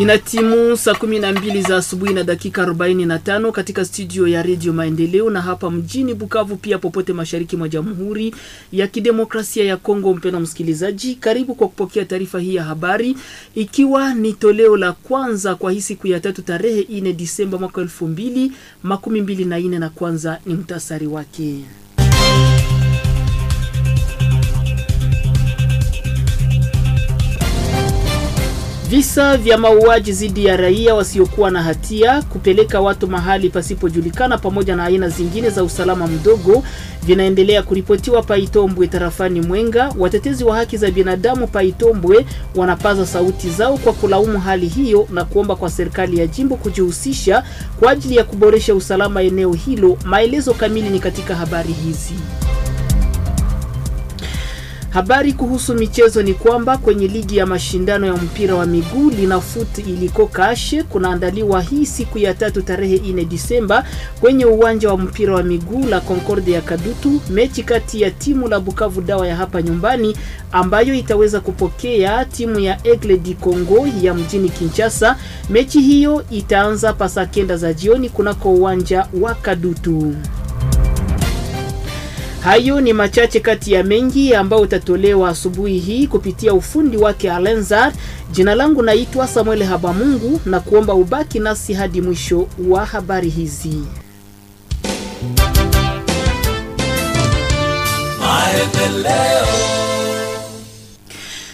Ina timu saa 12 za asubuhi na dakika 45 katika studio ya redio Maendeleo na hapa mjini Bukavu, pia popote mashariki mwa Jamhuri ya Kidemokrasia ya Kongo. Mpendwa msikilizaji, karibu kwa kupokea taarifa hii ya habari, ikiwa ni toleo la kwanza kwa hii siku ya tatu tarehe 4 Disemba mwaka 2024 na kwanza ni mtasari wake. Visa vya mauaji dhidi ya raia wasiokuwa na hatia, kupeleka watu mahali pasipojulikana, pamoja na aina zingine za usalama mdogo vinaendelea kuripotiwa Paitombwe tarafani Mwenga. Watetezi wa haki za binadamu Paitombwe wanapaza sauti zao kwa kulaumu hali hiyo na kuomba kwa serikali ya jimbo kujihusisha kwa ajili ya kuboresha usalama eneo hilo. Maelezo kamili ni katika habari hizi. Habari kuhusu michezo ni kwamba kwenye ligi ya mashindano ya mpira wa miguu Linafoot iliko Kashe kunaandaliwa hii siku ya tatu tarehe 4 Disemba kwenye uwanja wa mpira wa miguu la Concorde ya Kadutu, mechi kati ya timu la Bukavu Dawa ya hapa nyumbani ambayo itaweza kupokea timu ya Aigle du Congo ya mjini Kinshasa. Mechi hiyo itaanza pasa kenda za jioni kunako uwanja wa Kadutu. Hayo ni machache kati ya mengi ambayo utatolewa asubuhi hii kupitia ufundi wake Alenzar. Jina langu naitwa Samuel Habamungu na kuomba ubaki nasi hadi mwisho wa habari hizi.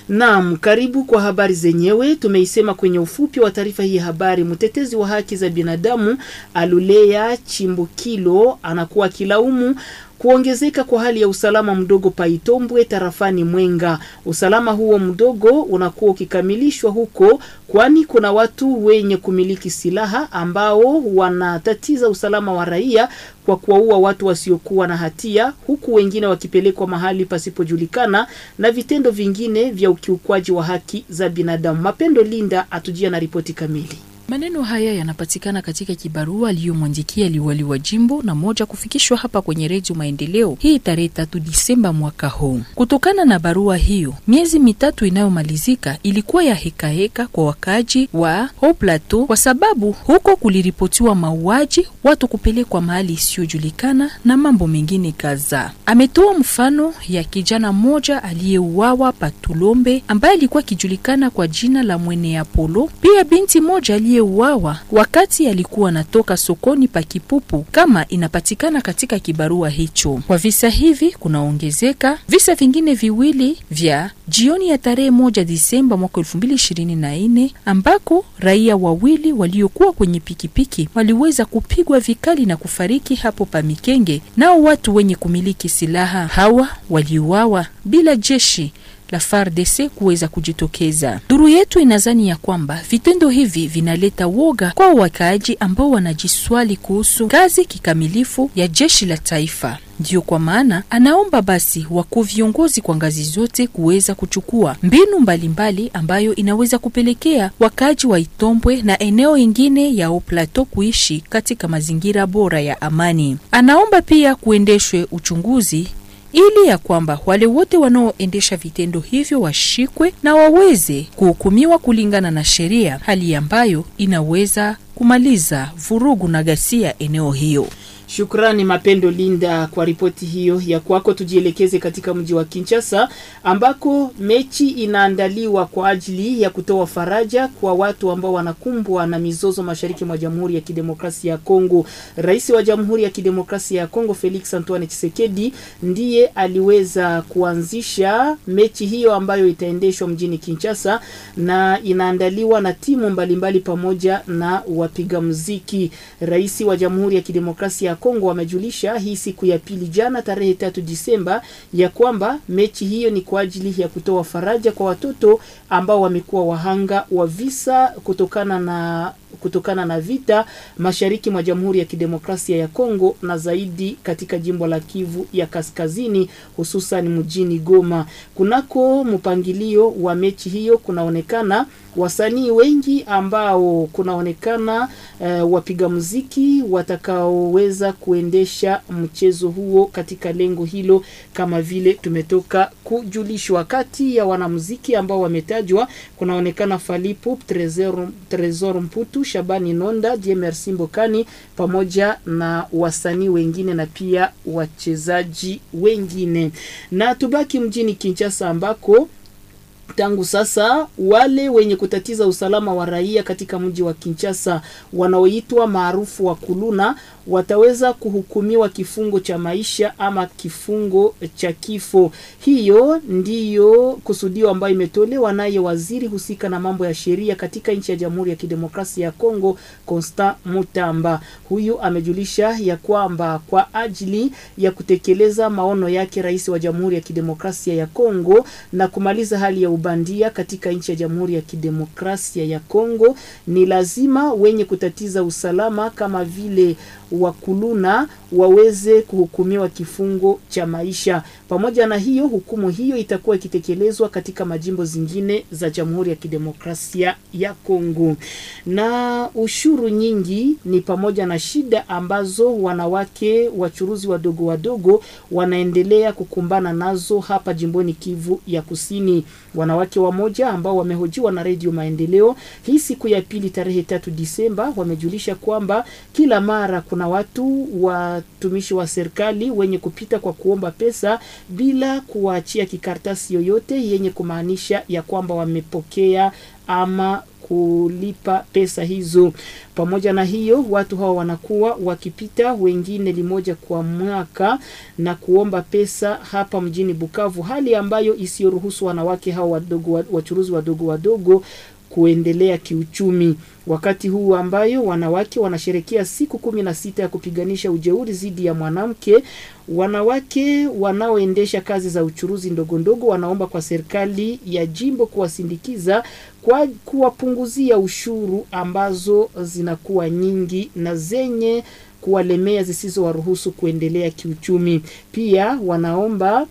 Naam, karibu kwa habari zenyewe. Tumeisema kwenye ufupi wa taarifa hii ya habari, mtetezi wa haki za binadamu alulea Chimbukilo anakuwa kilaumu kuongezeka kwa hali ya usalama mdogo Paitombwe tarafani Mwenga. Usalama huo mdogo unakuwa ukikamilishwa huko, kwani kuna watu wenye kumiliki silaha ambao wanatatiza usalama wa raia kwa kuwaua watu wasiokuwa na hatia, huku wengine wakipelekwa mahali pasipojulikana na vitendo vingine vya ukiukwaji wa haki za binadamu. Mapendo Linda atujia na ripoti kamili. Maneno haya yanapatikana katika kibarua aliyomwandikia liwali wa jimbo na moja kufikishwa hapa kwenye Redio Maendeleo hii tarehe tatu Disemba mwaka huu. Kutokana na barua hiyo, miezi mitatu inayomalizika ilikuwa ya hekaheka heka kwa wakaji wa Hoplato kwa sababu huko kuliripotiwa mauaji, watu kupelekwa mahali isiyojulikana na mambo mengine kadhaa. Ametoa mfano ya kijana mmoja aliyeuawa Patulombe ambaye alikuwa akijulikana kwa jina la Mwene Apolo, pia binti moja aliye aliyeuawa wakati alikuwa anatoka sokoni pa Kipupu kama inapatikana katika kibarua hicho. Kwa visa hivi kunaongezeka visa vingine viwili vya jioni ya tarehe moja Disemba mwaka nne ambako raia wawili waliokuwa kwenye pikipiki waliweza kupigwa vikali na kufariki hapo pa Mikenge, nao watu wenye kumiliki silaha hawa waliuawa bila jeshi la FARDC kuweza kujitokeza. Duru yetu inazani ya kwamba vitendo hivi vinaleta woga kwa wakaaji ambao wanajiswali kuhusu kazi kikamilifu ya jeshi la taifa. Ndiyo kwa maana anaomba basi wakuu viongozi kwa ngazi zote kuweza kuchukua mbinu mbalimbali mbali ambayo inaweza kupelekea wakaaji wa Itombwe na eneo ingine ya Oplato kuishi katika mazingira bora ya amani. Anaomba pia kuendeshwe uchunguzi ili ya kwamba wale wote wanaoendesha vitendo hivyo washikwe na waweze kuhukumiwa kulingana na sheria, hali ambayo inaweza kumaliza vurugu na ghasia eneo hiyo. Shukrani Mapendo Linda kwa ripoti hiyo ya kwako. Tujielekeze katika mji wa Kinshasa ambako mechi inaandaliwa kwa ajili ya kutoa faraja kwa watu ambao wanakumbwa na mizozo mashariki mwa Jamhuri ya Kidemokrasia ya Kongo. Rais wa Jamhuri ya Kidemokrasia ya Kongo Felix Antoine Tshisekedi ndiye aliweza kuanzisha mechi hiyo ambayo itaendeshwa mjini Kinshasa na inaandaliwa na timu mbalimbali mbali pamoja na wapiga muziki. Rais wa Jamhuri ya Kidemokrasia Kongo wamejulisha hii siku ya pili jana tarehe tatu Disemba ya kwamba mechi hiyo ni kwa ajili ya kutoa faraja kwa watoto ambao wamekuwa wahanga wa visa kutokana na kutokana na vita mashariki mwa Jamhuri ya Kidemokrasia ya Kongo na zaidi katika jimbo la Kivu ya Kaskazini, hususan mjini Goma. Kunako mpangilio wa mechi hiyo kunaonekana wasanii wengi ambao kunaonekana eh, wapiga muziki watakaoweza kuweza kuendesha mchezo huo katika lengo hilo, kama vile tumetoka kujulishwa. Kati ya wanamuziki ambao wametajwa kunaonekana Falipu Trezor, Trezor Mputu, Shabani Nonda, Jemersi Simbokani pamoja na wasanii wengine na pia wachezaji wengine, na tubaki mjini Kinshasa ambako tangu sasa wale wenye kutatiza usalama wa raia katika mji wa Kinshasa wanaoitwa maarufu wa kuluna wataweza kuhukumiwa kifungo cha maisha ama kifungo cha kifo. Hiyo ndiyo kusudio ambayo imetolewa naye waziri husika na mambo ya sheria katika nchi ya Jamhuri ya Kidemokrasia ya Kongo, Constant Mutamba. Huyu amejulisha ya kwamba kwa ajili ya kutekeleza maono yake rais wa Jamhuri ya Kidemokrasia ya Kongo na kumaliza hali ya ubandia katika nchi ya Jamhuri ya Kidemokrasia ya Kongo, ni lazima wenye kutatiza usalama kama vile wakuluna waweze kuhukumiwa kifungo cha maisha. Pamoja na hiyo, hukumu hiyo itakuwa ikitekelezwa katika majimbo zingine za Jamhuri ya Kidemokrasia ya Kongo. Na ushuru nyingi ni pamoja na shida ambazo wanawake wachuruzi wadogo wadogo wanaendelea kukumbana nazo hapa jimboni Kivu ya Kusini. Wanawake wamoja ambao wamehojiwa na Redio Maendeleo hii siku ya pili tarehe tatu Disemba wamejulisha kwamba kila mara kuna na watu watumishi wa serikali wenye kupita kwa kuomba pesa bila kuwaachia kikaratasi yoyote yenye kumaanisha ya kwamba wamepokea ama kulipa pesa hizo. Pamoja na hiyo, watu hao wanakuwa wakipita wengine limoja kwa mwaka na kuomba pesa hapa mjini Bukavu, hali ambayo isiyoruhusu wanawake hao wadogo wachuruzi wadogo wadogo kuendelea kiuchumi wakati huu ambayo wanawake wanasherekea siku kumi na sita ya kupiganisha ujeuri dhidi ya mwanamke. Wanawake wanaoendesha kazi za uchuruzi ndogo ndogo wanaomba kwa serikali ya jimbo kuwasindikiza kwa kuwapunguzia ushuru ambazo zinakuwa nyingi na zenye kuwalemea zisizowaruhusu kuendelea kiuchumi. Pia wanaomba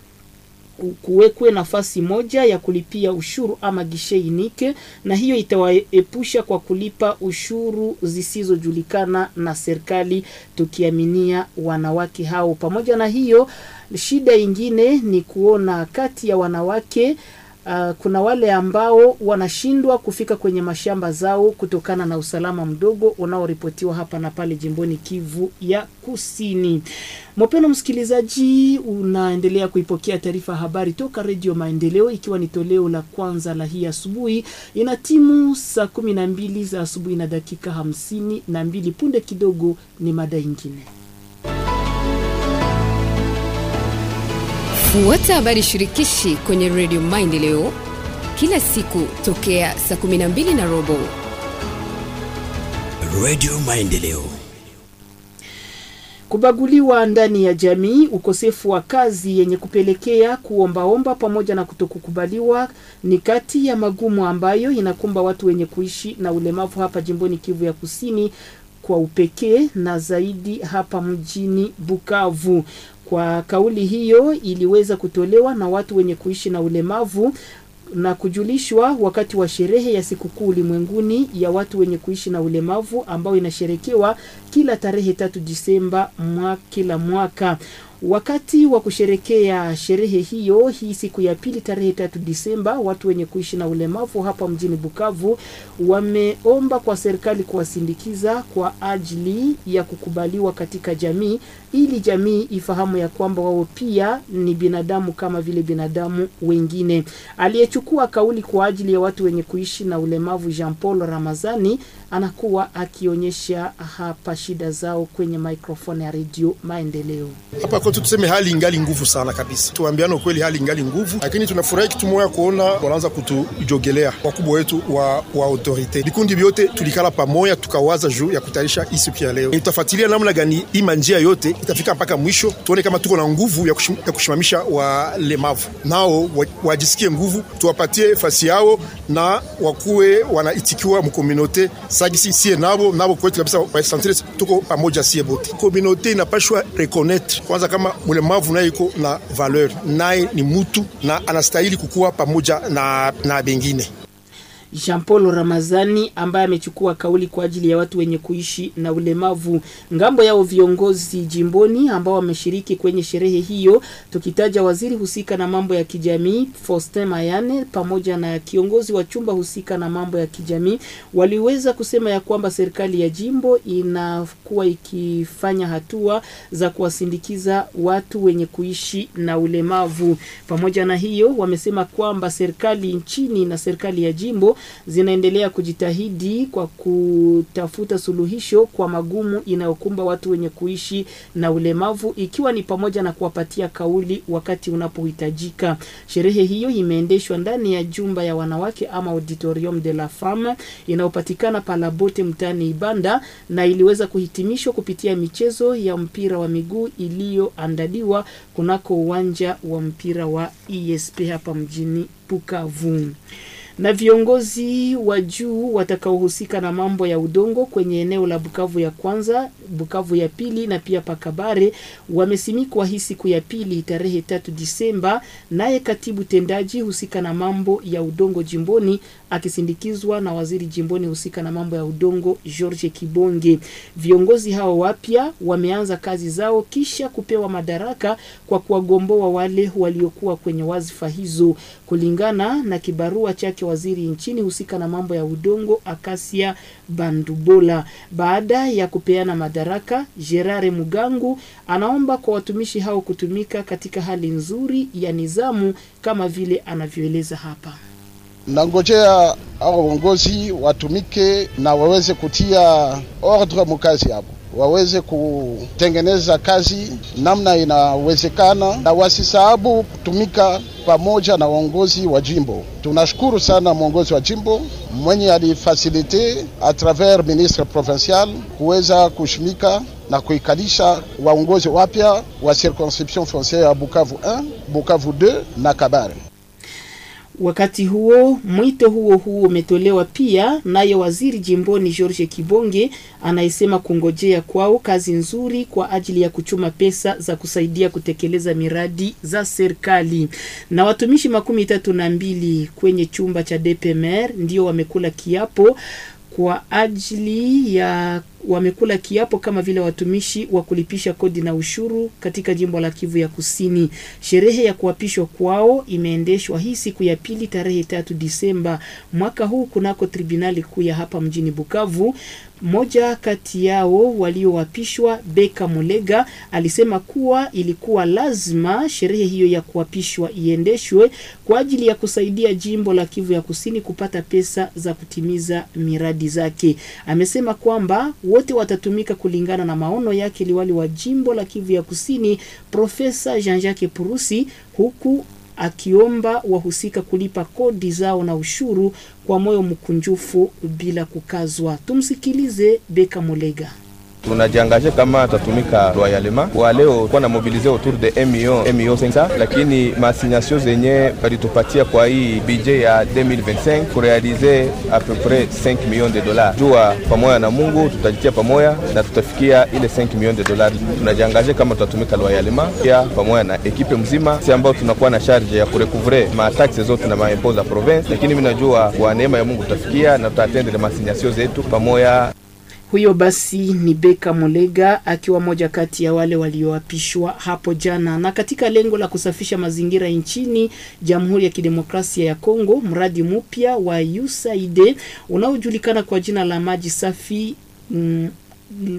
kuwekwe nafasi moja ya kulipia ushuru ama gishe inike, na hiyo itawaepusha kwa kulipa ushuru zisizojulikana na serikali, tukiaminia wanawake hao. Pamoja na hiyo, shida ingine ni kuona kati ya wanawake Uh, kuna wale ambao wanashindwa kufika kwenye mashamba zao kutokana na usalama mdogo unaoripotiwa hapa na pale jimboni Kivu ya Kusini. Mpendwa msikilizaji, unaendelea kuipokea taarifa ya habari toka Redio Maendeleo, ikiwa ni toleo la kwanza la hii asubuhi. Ina timu saa 12 za asubuhi na dakika hamsini na mbili. Punde kidogo ni mada ingine. Fuata habari shirikishi kwenye Redio Maendeleo kila siku tokea saa 12 na robo. Redio Maendeleo. Kubaguliwa ndani ya jamii, ukosefu wa kazi yenye kupelekea kuombaomba pamoja na kutokukubaliwa ni kati ya magumu ambayo inakumba watu wenye kuishi na ulemavu hapa jimboni Kivu ya Kusini kwa upekee na zaidi hapa mjini Bukavu. Kwa kauli hiyo iliweza kutolewa na watu wenye kuishi na ulemavu na kujulishwa wakati wa sherehe ya sikukuu ulimwenguni ya watu wenye kuishi na ulemavu ambayo inasherekewa kila tarehe tatu Disemba mwa kila mwaka. Wakati wa kusherekea sherehe hiyo hii siku ya pili tarehe tatu Disemba, watu wenye kuishi na ulemavu hapa mjini Bukavu wameomba kwa serikali kuwasindikiza kwa ajili ya kukubaliwa katika jamii, ili jamii ifahamu ya kwamba wao pia ni binadamu kama vile binadamu wengine. Aliyechukua kauli kwa ajili ya watu wenye kuishi na ulemavu Jean Paul Ramazani anakuwa akionyesha hapa shida zao kwenye maikrofoni ya redio Maendeleo hapa kwa tu tuseme hali ingali nguvu sana kabisa, tuambiane ukweli, hali ingali nguvu, lakini tunafurahi kitu moja kuona wanaanza kutujogelea wakubwa wetu wa, wa autorite. Vikundi vyote tulikala pamoja, tukawaza juu ya kutayarisha hii siku ya leo, tutafuatilia namna gani hii njia yote itafika mpaka mwisho, tuone kama tuko na nguvu ya, kushim, ya kushimamisha walemavu nao wajisikie nguvu, tuwapatie fasi yao na wakuwe wanaitikiwa mkomunote sagisi sie nabo nabo kwetu kabisa, tuko pamoja sie bote. Komunote inapashwa rekonetre kwanza kama mlemavu naye iko na valeur, naye ni mutu na anastahili kukuwa pamoja na, na bengine. Jean Paul Ramazani ambaye amechukua kauli kwa ajili ya watu wenye kuishi na ulemavu. Ngambo yao viongozi jimboni ambao wameshiriki kwenye sherehe hiyo, tukitaja waziri husika na mambo ya kijamii Faustin Mayane pamoja na kiongozi wa chumba husika na mambo ya kijamii, waliweza kusema ya kwamba serikali ya jimbo inakuwa ikifanya hatua za kuwasindikiza watu wenye kuishi na ulemavu. Pamoja na hiyo, wamesema kwamba serikali nchini na serikali ya jimbo zinaendelea kujitahidi kwa kutafuta suluhisho kwa magumu inayokumba watu wenye kuishi na ulemavu, ikiwa ni pamoja na kuwapatia kauli wakati unapohitajika. Sherehe hiyo imeendeshwa ndani ya jumba ya wanawake ama Auditorium de la Femme inayopatikana Palabote mtaani Ibanda na iliweza kuhitimishwa kupitia michezo ya mpira wa miguu iliyoandaliwa kunako uwanja wa mpira wa ESP hapa mjini Bukavu na viongozi wa juu watakaohusika na mambo ya udongo kwenye eneo la Bukavu ya kwanza, Bukavu ya pili na pia Pakabare wamesimikwa hii siku ya pili tarehe tatu Disemba, naye katibu tendaji husika na mambo ya udongo jimboni akisindikizwa na waziri jimboni husika na mambo ya udongo George Kibonge. Viongozi hao wapya wameanza kazi zao kisha kupewa madaraka kwa kuwagomboa wale waliokuwa kwenye wazifa hizo kulingana na kibarua chake wake waziri nchini husika na mambo ya udongo Akasia Bandubola. Baada ya kupeana madaraka, Gerare Mugangu anaomba kwa watumishi hao kutumika katika hali nzuri ya nizamu kama vile anavyoeleza hapa. Nangojea hao uongozi watumike na waweze kutia ordre mukazi hapo waweze kutengeneza kazi namna inawezekana, na wasisahabu kutumika pamoja na uongozi wa jimbo. Tunashukuru sana mwongozi wa jimbo mwenye alifasilite a travers ministre provincial kuweza kushimika na kuikalisha waongozi wapya wa circonscription fonciere ya Bukavu 1, Bukavu 2 na Kabare. Wakati huo mwito huo huo umetolewa pia naye waziri jimboni George Kibonge anayesema kungojea kwao kazi nzuri kwa ajili ya kuchuma pesa za kusaidia kutekeleza miradi za serikali. Na watumishi makumi tatu na mbili kwenye chumba cha DPMR ndio wamekula kiapo kwa ajili ya wamekula kiapo kama vile watumishi wa kulipisha kodi na ushuru katika jimbo la Kivu ya Kusini. Sherehe ya kuapishwa kwao imeendeshwa hii siku ya pili tarehe tatu Disemba mwaka huu kunako tribunali kuu ya hapa mjini Bukavu. Mmoja kati yao walioapishwa Beka Mulega alisema kuwa ilikuwa lazima sherehe hiyo ya kuapishwa iendeshwe kwa ajili ya kusaidia jimbo la Kivu ya Kusini kupata pesa za kutimiza miradi zake. Amesema kwamba wote watatumika kulingana na maono yake liwali wa jimbo la Kivu ya Kusini Profesa Jean-Jacques Purusi huku akiomba wahusika kulipa kodi zao na ushuru kwa moyo mkunjufu bila kukazwa. Tumsikilize Beka Mulega tunajiangaje kama atatumika loyalema. Kwa leo kwa na mobilize autour de 1 million 1 million lakini maasignation zenye balitupatia kwa hii budget ya 2025 kurealize a peu près 5 millions de dollars. Jua pamoja na Mungu tutajitia pamoja na tutafikia ile 5 millions de dollars. Tunajiangaje kama tutatumika loyalema pia pamoja na ekipe mzima, si ambao tunakuwa na charge ya kurecouvre ma taxes zote na ma impôts za province, lakini mimi najua kwa neema ya Mungu tutafikia na tutatendele maasignation zetu pamoja huyo basi ni Beka Mulega akiwa moja kati ya wale walioapishwa hapo jana. Na katika lengo la kusafisha mazingira nchini Jamhuri ya Kidemokrasia ya Kongo, mradi mpya wa USAID unaojulikana kwa jina la maji safi mm,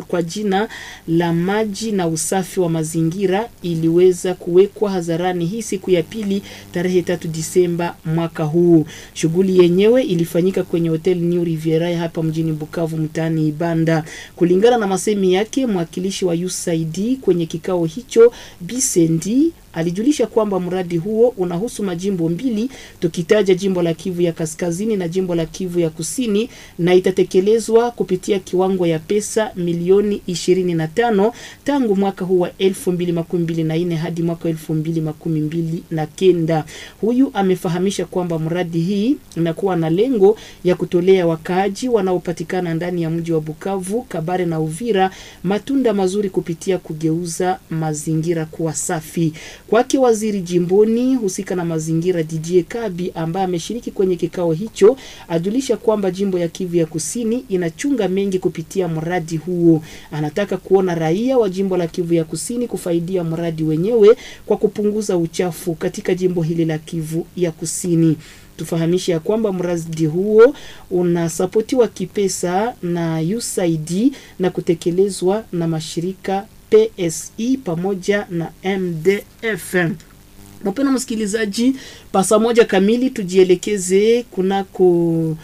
kwa jina la maji na usafi wa mazingira iliweza kuwekwa hadharani hii siku ya pili tarehe tatu Disemba mwaka huu. Shughuli yenyewe ilifanyika kwenye hotel New Riviera hapa mjini Bukavu mtaani Ibanda. Kulingana na masemi yake mwakilishi wa USAID kwenye kikao hicho Bisendi alijulisha kwamba mradi huo unahusu majimbo mbili, tukitaja jimbo la Kivu ya Kaskazini na jimbo la Kivu ya Kusini, na itatekelezwa kupitia kiwango ya pesa milioni 25 tangu mwaka huu wa 2024 hadi mwaka 2029. Huyu amefahamisha kwamba mradi hii inakuwa na lengo ya kutolea wakaaji wanaopatikana ndani ya mji wa Bukavu, Kabare na Uvira matunda mazuri kupitia kugeuza mazingira kuwa safi. Kwake waziri jimboni husika na mazingira DJ Kabi, ambaye ameshiriki kwenye kikao hicho, ajulisha kwamba jimbo ya Kivu ya Kusini inachunga mengi kupitia mradi huo. Anataka kuona raia wa jimbo la Kivu ya Kusini kufaidia mradi wenyewe kwa kupunguza uchafu katika jimbo hili la Kivu ya Kusini. Tufahamishe ya kwamba mradi huo unasapotiwa kipesa na USAID na kutekelezwa na mashirika PSI e pamoja na MDFM. Mpendwa msikilizaji, pasa moja kamili tujielekeze kunako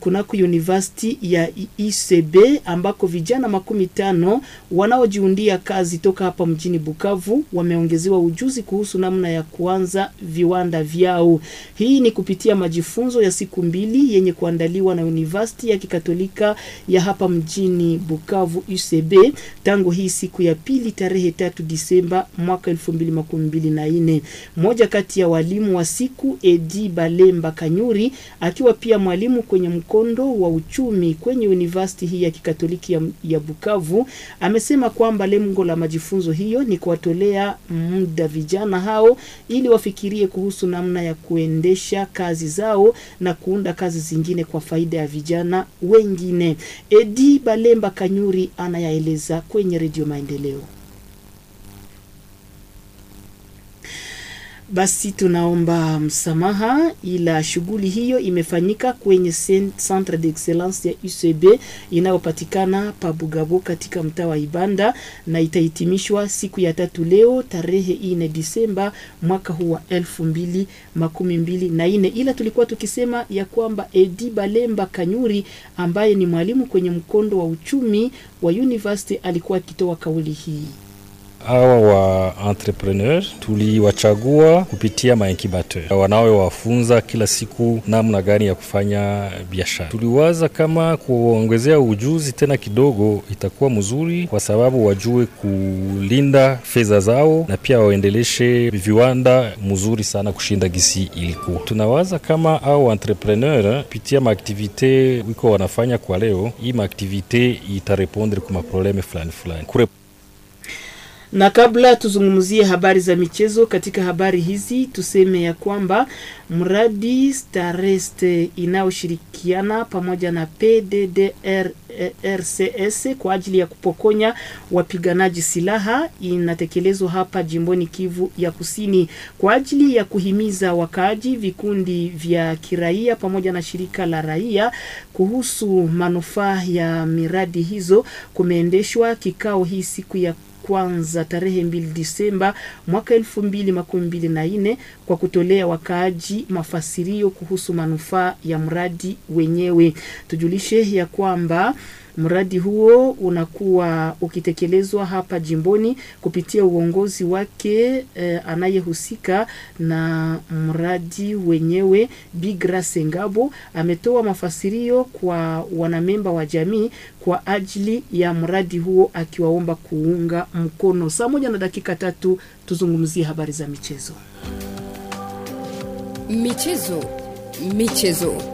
kunako university ya ICB e ambako vijana makumi tano wanaojiundia kazi toka hapa mjini Bukavu wameongezewa ujuzi kuhusu namna ya kuanza viwanda vyao. Hii ni kupitia majifunzo ya siku mbili yenye kuandaliwa na university ya kikatolika ya hapa mjini Bukavu UCB e tangu hii siku ya pili tarehe tatu Disemba mwaka 2024. Mmoja kati ya walimu wa siku Edi Balemba Kanyuri akiwa pia mwalimu kwenye mkondo wa uchumi kwenye university hii ya Kikatoliki ya, ya Bukavu amesema kwamba lengo la majifunzo hiyo ni kuwatolea muda vijana hao ili wafikirie kuhusu namna ya kuendesha kazi zao na kuunda kazi zingine kwa faida ya vijana wengine. Edi Balemba Kanyuri anayaeleza kwenye Redio Maendeleo. Basi tunaomba msamaha, ila shughuli hiyo imefanyika kwenye centre d'excellence ya UCB inayopatikana Pabugabo katika mtaa wa Ibanda na itahitimishwa siku ya tatu leo tarehe 4 Disemba mwaka huu wa elfu mbili makumi mbili na nne. Ila tulikuwa tukisema ya kwamba Edi Balemba Kanyuri ambaye ni mwalimu kwenye mkondo wa uchumi wa university alikuwa akitoa kauli hii hawa wa entrepreneur tuliwachagua kupitia maincubateur wanaowafunza kila siku namna gani ya kufanya biashara. Tuliwaza kama kuongezea ujuzi tena kidogo itakuwa mzuri, kwa sababu wajue kulinda fedha zao na pia waendeleshe viwanda mzuri sana kushinda gisi ilikuwa. Tunawaza kama au entrepreneur eh, kupitia maaktivite wiko wanafanya kwa leo, hii maaktivite itarepondre kuma probleme fulani fulani. Na kabla tuzungumzie habari za michezo, katika habari hizi tuseme ya kwamba mradi Starest inayoshirikiana pamoja na pddrcs eh, kwa ajili ya kupokonya wapiganaji silaha inatekelezwa hapa jimboni Kivu ya Kusini kwa ajili ya kuhimiza wakaaji, vikundi vya kiraia pamoja na shirika la raia kuhusu manufaa ya miradi hizo. Kumeendeshwa kikao hii siku ya kwanza tarehe mbili Disemba mwaka elfu mbili makumi mbili na nne kwa kutolea wakaaji mafasirio kuhusu manufaa ya mradi wenyewe. Tujulishe ya kwamba Mradi huo unakuwa ukitekelezwa hapa jimboni kupitia uongozi wake eh, anayehusika na mradi wenyewe Bigrace Ngabo ametoa mafasirio kwa wanamemba wa jamii kwa ajili ya mradi huo akiwaomba kuunga mkono. Saa moja na dakika tatu tuzungumzie habari za michezo. Michezo, michezo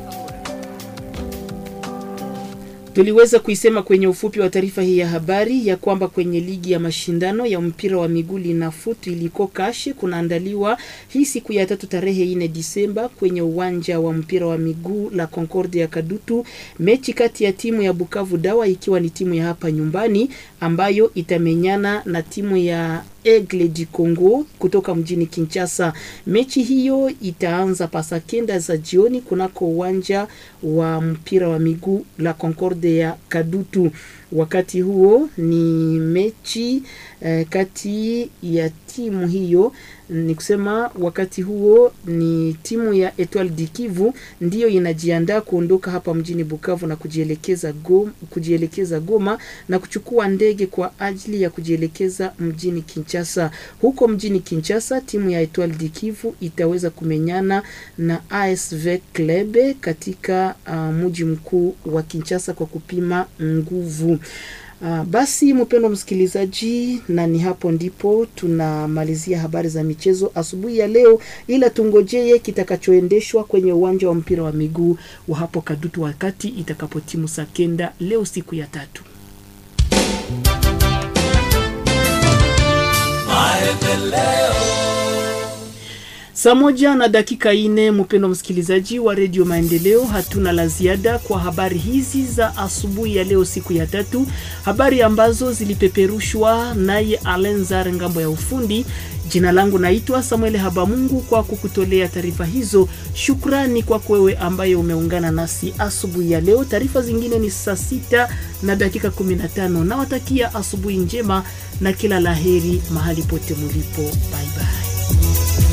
Tuliweza kuisema kwenye ufupi wa taarifa hii ya habari ya kwamba kwenye ligi ya mashindano ya mpira wa miguu linafutu iliko Kashi kunaandaliwa hii siku ya tatu tarehe 4 Disemba kwenye uwanja wa mpira wa miguu la Concorde ya Kadutu mechi kati ya timu ya Bukavu Dawa ikiwa ni timu ya hapa nyumbani ambayo itamenyana na timu ya Egle du Congo kutoka mjini Kinshasa. Mechi hiyo itaanza pasa kenda za jioni kunako uwanja wa mpira wa miguu la Concorde ya Kadutu. Wakati huo ni mechi eh, kati ya timu hiyo ni kusema wakati huo ni timu ya Etoile du Kivu ndiyo inajiandaa kuondoka hapa mjini Bukavu na kujielekeza Goma, kujielekeza Goma na kuchukua ndege kwa ajili ya kujielekeza mjini Kinshasa. Huko mjini Kinshasa, timu ya Etoile du Kivu itaweza kumenyana na ASV Club katika uh, mji mkuu wa Kinshasa kwa kupima nguvu. Uh, basi mpendwa msikilizaji, na ni hapo ndipo tunamalizia habari za michezo asubuhi ya leo, ila tungojee kitakachoendeshwa kwenye uwanja wa mpira wa miguu wa hapo Kadutu wakati itakapotimu sakenda leo siku ya tatu. Saa moja na dakika ine, mpendo msikilizaji wa redio Maendeleo, hatuna la ziada kwa habari hizi za asubuhi ya leo, siku ya tatu, habari ambazo zilipeperushwa naye Alenzar ngambo ya ufundi. Jina langu naitwa Samuel Habamungu kwa kukutolea taarifa hizo. Shukrani kwa wewe ambaye umeungana nasi asubuhi ya leo. Taarifa zingine ni saa sita na dakika 15. Nawatakia asubuhi njema na kila laheri mahali pote mulipo. Bye bye.